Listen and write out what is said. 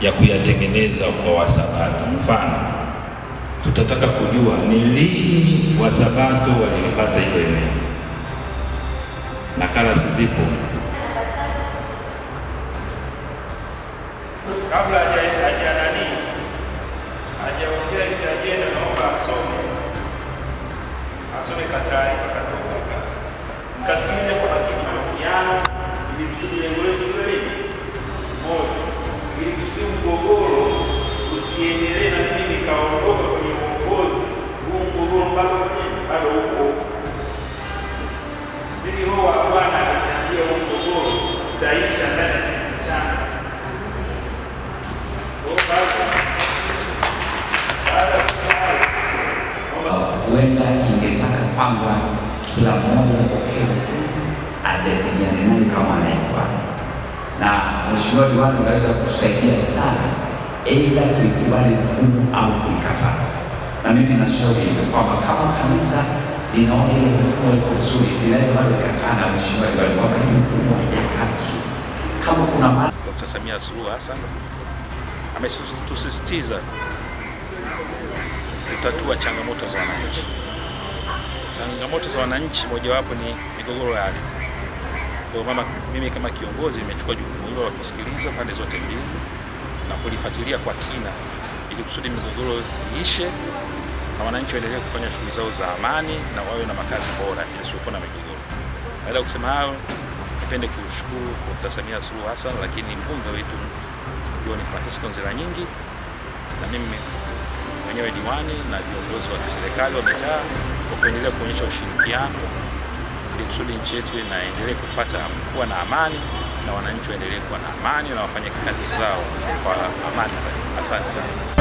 ya kuyatengeneza kwa Wasabato. Mfano, tutataka kujua ni lini Wasabato walipata hiyo eneo. Nakala sizipo kabla haja nani hajaongea hizi ajenda, naomba asome asome kataarifa kadogo, mkasikilize kwa makini mahusiano ili lengo letu usiendelee na mimi nikaondoka kwenye uongozi huo ambao bado huko. Mimi Roho wa Bwana ananiambia huo mgogoro utaisha ndani ya kipindi changu. Huenda ingetaka kwanza kila mmoja apokee hukumu atakijana naye kama anayekwani, na mheshimiwa diwani unaweza kutusaidia sana aidha kuikubali hukumu au kuikataa. Na mimi nashauri hivyo kwamba kama kanisa linaona ile hukumu iko nzuri, linaweza bado likakaa na mheshimiwa liwali kwamba hii hukumu haijakaa Kama kuna mali, Dkt. Samia Suluhu Hassan ametusisitiza kutatua changamoto za wananchi. Changamoto za wananchi mojawapo ni migogoro ya ardhi. Kwa mama, mimi kama kiongozi nimechukua jukumu hilo la kusikiliza pande zote mbili na kulifuatilia kwa kina ili kusudi migogoro iishe na wananchi waendelee kufanya shughuli zao za amani na wawe na makazi bora yasiyokuwa na migogoro. Baada ya kusema hayo, nipende kushukuru Dkt. Samia Suluhu Hassan, lakini mbunge wetu John Francisco nyingi na mimi mwenyewe diwani na viongozi wa kiserikali wa mitaa kwa kuendelea kuonyesha ushirikiano ili kusudi nchi yetu inaendelee kupata kuwa na amani na wananchi waendelee kuwa na amani na wafanye kazi zao kwa amani zaidi. Asante sana.